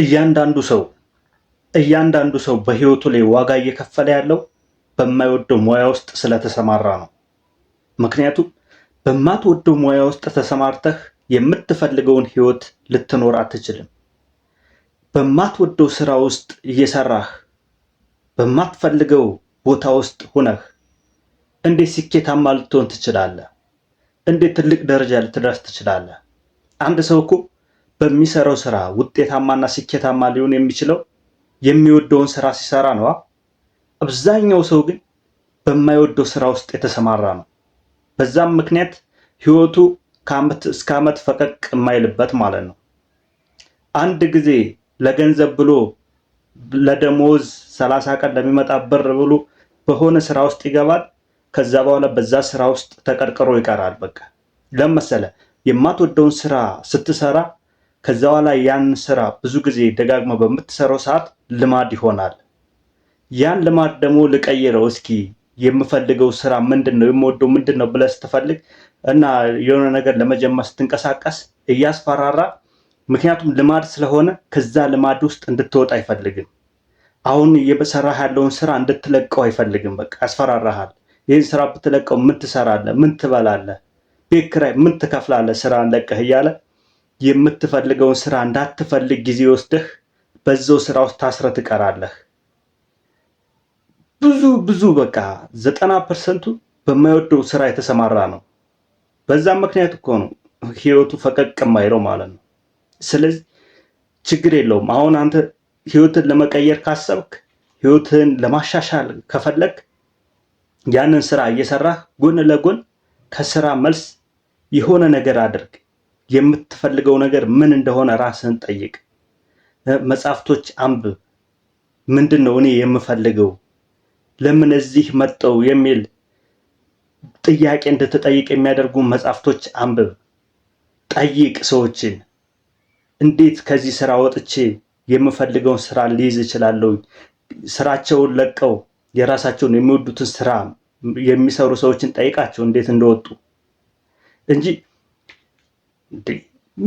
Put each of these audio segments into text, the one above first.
እያንዳንዱ ሰው እያንዳንዱ ሰው በህይወቱ ላይ ዋጋ እየከፈለ ያለው በማይወደው ሙያ ውስጥ ስለተሰማራ ነው። ምክንያቱም በማትወደው ሙያ ውስጥ ተሰማርተህ የምትፈልገውን ህይወት ልትኖር አትችልም። በማትወደው ስራ ውስጥ እየሰራህ በማትፈልገው ቦታ ውስጥ ሁነህ እንዴት ስኬታማ ልትሆን ትችላለህ? እንዴት ትልቅ ደረጃ ልትደርስ ትችላለህ? አንድ ሰው እኮ በሚሰራው ስራ ውጤታማና ስኬታማ ሊሆን የሚችለው የሚወደውን ስራ ሲሰራ ነው። አብዛኛው ሰው ግን በማይወደው ስራ ውስጥ የተሰማራ ነው። በዛም ምክንያት ህይወቱ ከአመት እስከ አመት ፈቀቅ የማይልበት ማለት ነው። አንድ ጊዜ ለገንዘብ ብሎ ለደሞዝ ሰላሳ ቀን ለሚመጣ ብር ብሎ በሆነ ስራ ውስጥ ይገባል። ከዛ በኋላ በዛ ስራ ውስጥ ተቀርቅሮ ይቀራል። በቃ ለመሰለ የማትወደውን ስራ ስትሰራ ከዛ በኋላ ያን ስራ ብዙ ጊዜ ደጋግመ በምትሰራው ሰዓት ልማድ ይሆናል። ያን ልማድ ደግሞ ልቀይረው እስኪ የምፈልገው ስራ ምንድን ነው የምወደው ምንድን ነው ብለህ ስትፈልግ እና የሆነ ነገር ለመጀመር ስትንቀሳቀስ እያስፈራራ ምክንያቱም ልማድ ስለሆነ ከዛ ልማድ ውስጥ እንድትወጣ አይፈልግም። አሁን እየሰራህ ያለውን ስራ እንድትለቀው አይፈልግም። በቃ ያስፈራራሃል። ይህን ስራ ብትለቀው ምን ትሰራለህ? ምን ትበላለህ? ቤት ኪራይ ምን ትከፍላለህ? ስራን ለቀህ እያለ የምትፈልገውን ስራ እንዳትፈልግ ጊዜ ወስደህ በዛው ስራ ውስጥ ታስረ ትቀራለህ። ብዙ ብዙ በቃ ዘጠና ፐርሰንቱ በማይወደው ስራ የተሰማራ ነው። በዛም ምክንያት እኮ ነው ህይወቱ ፈቀቅ የማይለው ማለት ነው። ስለዚህ ችግር የለውም። አሁን አንተ ህይወትን ለመቀየር ካሰብክ፣ ህይወትን ለማሻሻል ከፈለግ ያንን ስራ እየሰራህ ጎን ለጎን ከስራ መልስ የሆነ ነገር አድርግ። የምትፈልገው ነገር ምን እንደሆነ ራስህን ጠይቅ። መጽሐፍቶች አንብብ። ምንድን ነው እኔ የምፈልገው? ለምን እዚህ መጠው የሚል ጥያቄ እንድትጠይቅ የሚያደርጉ መጽሐፍቶች አንብብ። ጠይቅ ሰዎችን እንዴት ከዚህ ስራ ወጥቼ የምፈልገውን ስራ ሊይዝ እችላለሁ? ስራቸውን ለቀው የራሳቸውን የሚወዱትን ስራ የሚሰሩ ሰዎችን ጠይቃቸው እንዴት እንደወጡ እንጂ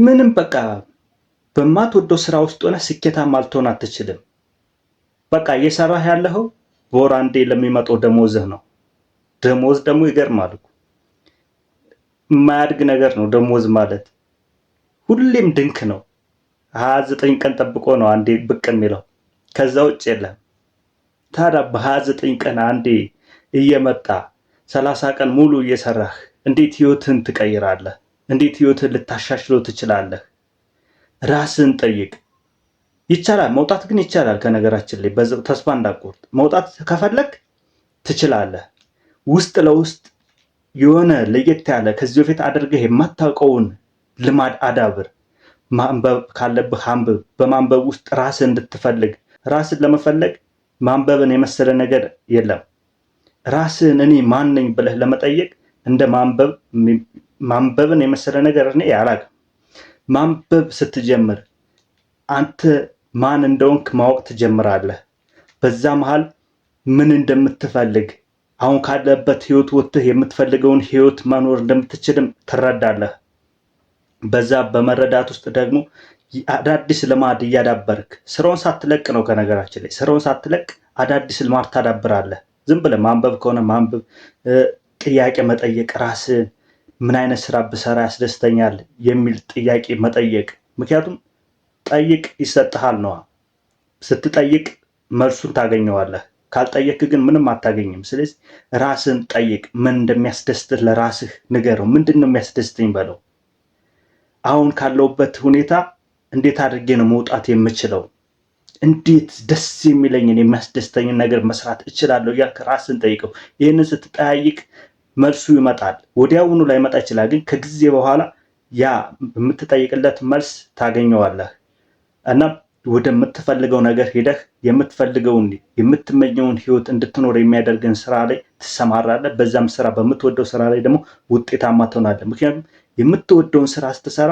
ምንም በቃ በማትወደው ስራ ውስጥ ሆነ ስኬታማ ልትሆን አትችልም። በቃ እየሰራህ ያለኸው በወር አንዴ ለሚመጣው ደሞዝህ ነው። ደሞዝ ደግሞ ይገርማል እኮ የማያድግ ነገር ነው። ደሞዝ ማለት ሁሌም ድንክ ነው። ሀያ ዘጠኝ ቀን ጠብቆ ነው አንዴ ብቅ የሚለው ከዛ ውጭ የለም። ታዲያ በሀያ ዘጠኝ ቀን አንዴ እየመጣ ሰላሳ ቀን ሙሉ እየሰራህ እንዴት ህይወትህን ትቀይራለህ? እንዴት ህይወትን ልታሻሽለው ትችላለህ? ራስን ጠይቅ። ይቻላል፣ መውጣት ግን ይቻላል። ከነገራችን ላይ ተስፋ እንዳቆርጥ መውጣት ከፈለግ ትችላለህ። ውስጥ ለውስጥ የሆነ ለየት ያለ ከዚህ በፊት አድርገህ የማታውቀውን ልማድ አዳብር። ማንበብ ካለብህ አንብብ። በማንበብ ውስጥ ራስን እንድትፈልግ ራስን ለመፈለግ ማንበብን የመሰለ ነገር የለም። ራስን እኔ ማን ነኝ ብለህ ለመጠየቅ እንደ ማንበብ ማንበብን የመሰለ ነገር እኔ አላቅም። ማንበብ ስትጀምር አንተ ማን እንደሆንክ ማወቅ ትጀምራለህ። በዛ መሃል ምን እንደምትፈልግ አሁን ካለበት ህይወት ወጥተህ የምትፈልገውን ህይወት መኖር እንደምትችልም ትረዳለህ። በዛ በመረዳት ውስጥ ደግሞ አዳዲስ ልማድ እያዳበርክ ስራውን ሳትለቅ ነው። ከነገራችን ላይ ስራውን ሳትለቅ አዳዲስ ልማድ ታዳብራለህ። ዝም ብለህ ማንበብ ከሆነ ማንበብ፣ ጥያቄ መጠየቅ ራስን ምን አይነት ስራ ብሰራ ያስደስተኛል የሚል ጥያቄ መጠየቅ። ምክንያቱም ጠይቅ ይሰጥሃል ነዋ። ስትጠይቅ መልሱን ታገኘዋለህ። ካልጠየቅ ግን ምንም አታገኝም። ስለዚህ ራስን ጠይቅ። ምን እንደሚያስደስትህ ለራስህ ንገረው። ምንድን ነው የሚያስደስተኝ በለው። አሁን ካለውበት ሁኔታ እንዴት አድርጌ ነው መውጣት የምችለው? እንዴት ደስ የሚለኝን የሚያስደስተኝን ነገር መስራት እችላለሁ እያልክ ራስን ጠይቀው። ይህንን ስትጠያይቅ መልሱ ይመጣል። ወዲያውኑ ላይመጣ ይችላል፣ ግን ከጊዜ በኋላ ያ የምትጠይቅለት መልስ ታገኘዋለህ እና ወደምትፈልገው ነገር ሄደህ የምትፈልገውን የምትመኘውን ህይወት እንድትኖር የሚያደርግን ስራ ላይ ትሰማራለህ። በዛም ስራ በምትወደው ስራ ላይ ደግሞ ውጤታማ ትሆናለህ። ምክንያቱም የምትወደውን ስራ ስትሰራ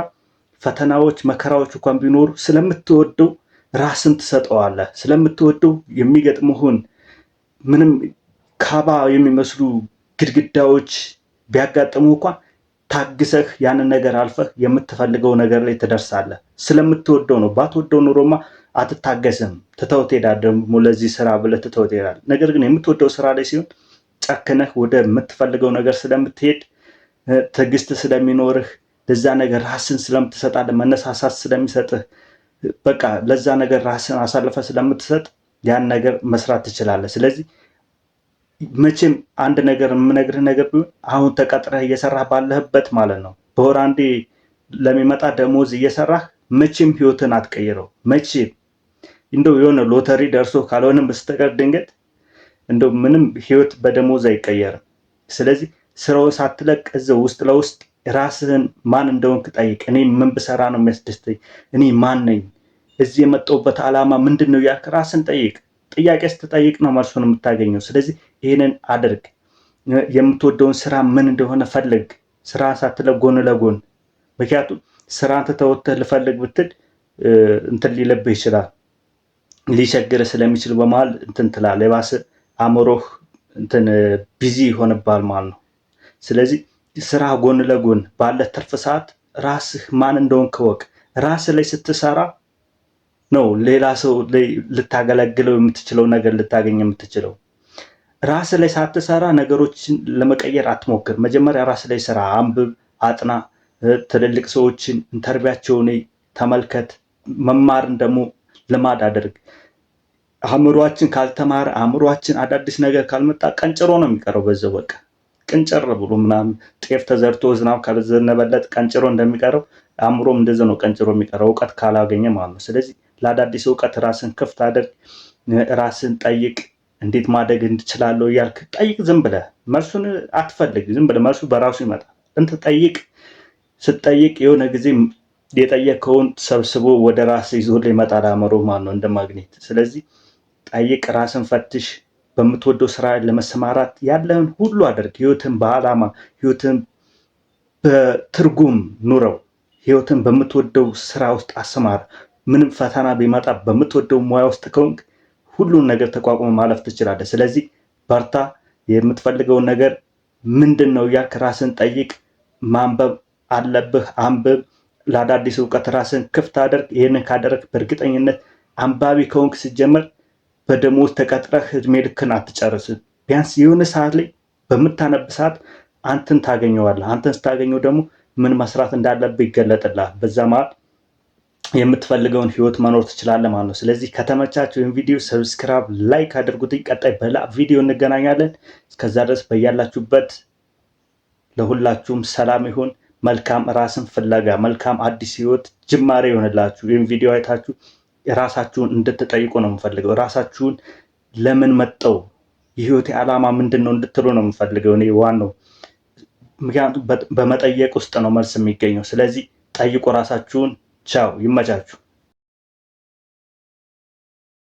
ፈተናዎች፣ መከራዎች እንኳን ቢኖሩ ስለምትወደው ራስን ትሰጠዋለህ። ስለምትወደው የሚገጥምህን ምንም ካባ የሚመስሉ ግድግዳዎች ቢያጋጥሙ እንኳ ታግሰህ ያንን ነገር አልፈህ የምትፈልገው ነገር ላይ ትደርሳለህ። ስለምትወደው ነው። ባትወደው ኑሮማ አትታገስም፣ ትተው ትሄዳለህ። ደግሞ ለዚህ ስራ ብለህ ትተው ትሄዳለህ። ነገር ግን የምትወደው ስራ ላይ ሲሆን ጨክነህ ወደ የምትፈልገው ነገር ስለምትሄድ፣ ትዕግስት ስለሚኖርህ፣ ለዛ ነገር ራስን ስለምትሰጣለህ፣ መነሳሳት ስለሚሰጥህ፣ በቃ ለዛ ነገር ራስን አሳልፈ ስለምትሰጥ ያን ነገር መስራት ትችላለህ። ስለዚህ መቼም አንድ ነገር የምነግርህ ነገር ቢሆን አሁን ተቀጥረህ እየሰራህ ባለህበት ማለት ነው በወር አንዴ ለሚመጣ ደሞዝ እየሰራህ መቼም ህይወትን አትቀይረው። መቼም እንደው የሆነ ሎተሪ ደርሶ ካልሆነ በስተቀር ድንገት እንደው ምንም ህይወት በደሞዝ አይቀየርም። ስለዚህ ስራው ሳትለቅ እዚያው ውስጥ ለውስጥ ራስህን ማን እንደሆንክ ጠይቅ። እኔ ምን ብሰራ ነው የሚያስደስተኝ? እኔ ማን ነኝ? እዚህ የመጣሁበት ዓላማ ምንድን ነው? ያልክ ራስን ጠይቅ። ጥያቄ ስትጠይቅ ነው መልሱን የምታገኘው። ስለዚህ ይህንን አድርግ። የምትወደውን ስራ ምን እንደሆነ ፈልግ። ስራ ሳትለ ጎን ለጎን ምክንያቱም ስራ ተተወተ ልፈልግ ብትል እንትን ሊለብህ ይችላል፣ ሊቸግር ስለሚችል በመሀል እንትን ትላለህ። የባሰ አእምሮህ እንትን ቢዚ ይሆንባል ማለት ነው። ስለዚህ ስራ ጎን ለጎን ባለ ትርፍ ሰዓት ራስህ ማን እንደሆንክ እወቅ። ራስህ ላይ ስትሰራ ነው ሌላ ሰው ላይ ልታገለግለው የምትችለው ነገር ልታገኝ የምትችለው። ራስ ላይ ሳትሰራ ነገሮችን ለመቀየር አትሞክር። መጀመሪያ ራስ ላይ ስራ፣ አንብብ፣ አጥና፣ ትልልቅ ሰዎችን ኢንተርቪያቸውን ተመልከት። መማርን ደግሞ ልማድ አድርግ። አእምሯችን ካልተማረ አእምሯችን አዳዲስ ነገር ካልመጣ ቀንጭሮ ነው የሚቀረው። በዛው በቃ ቅንጭር ብሎ ምናምን ጤፍ ተዘርቶ ዝናብ ካልዘነበለት ቀንጭሮ እንደሚቀረው አእምሮም እንደዚ ነው ቀንጭሮ የሚቀረው እውቀት ካላገኘ ማለት ነው። ስለዚህ ለአዳዲስ እውቀት ራስን ክፍት አድርግ። ራስን ጠይቅ። እንዴት ማደግ እንችላለሁ እያልክ ጠይቅ። ዝም ብለህ መልሱን አትፈልግ። ዝም ብለህ መልሱ በራሱ ይመጣል። እንትን ጠይቅ። ስትጠይቅ የሆነ ጊዜ የጠየቀውን ሰብስቦ ወደ ራስ ይዞ ይመጣል። አእምሮ ማን ነው እንደ ማግኔት። ስለዚህ ጠይቅ፣ ራስን ፈትሽ። በምትወደው ስራ ለመሰማራት ያለህን ሁሉ አድርግ። ህይወትን በዓላማ ህይወትን በትርጉም ኑረው። ህይወትን በምትወደው ስራ ውስጥ አሰማር። ምንም ፈተና ቢመጣ በምትወደው ሙያ ውስጥ ከሆንክ ሁሉን ነገር ተቋቁመ ማለፍ ትችላለህ። ስለዚህ በርታ። የምትፈልገውን ነገር ምንድን ነው እያልክ ራስን ጠይቅ። ማንበብ አለብህ፣ አንብብ። ለአዳዲስ እውቀት ራስን ክፍት አደርግ። ይህንን ካደረግ በእርግጠኝነት አንባቢ ከሆንክ ሲጀመር በደሞዝ ተቀጥረህ እድሜ ልክን አትጨርስም። ቢያንስ የሆነ ሰዓት ላይ በምታነብ ሰዓት አንተን ታገኘዋለህ። አንተን ስታገኘው ደግሞ ምን መስራት እንዳለብህ ይገለጥልሃል። በዛ መሀል የምትፈልገውን ህይወት መኖር ትችላለ ማለት ነው። ስለዚህ ከተመቻችሁ ይህን ቪዲዮ ሰብስክራብ፣ ላይክ አድርጉትኝ። ቀጣይ በላ ቪዲዮ እንገናኛለን። እስከዛ ድረስ በያላችሁበት ለሁላችሁም ሰላም ይሁን። መልካም ራስን ፍለጋ መልካም አዲስ ህይወት ጅማሬ ይሆንላችሁ። ይህን ቪዲዮ አይታችሁ ራሳችሁን እንድትጠይቁ ነው የምፈልገው። ራሳችሁን ለምን መጠው የህይወቴ ዓላማ ምንድን ነው እንድትሉ ነው የምፈልገው። እኔ ዋናው ምክንያቱም በመጠየቅ ውስጥ ነው መልስ የሚገኘው። ስለዚህ ጠይቁ ራሳችሁን። ቻው፣ ይመቻችሁ።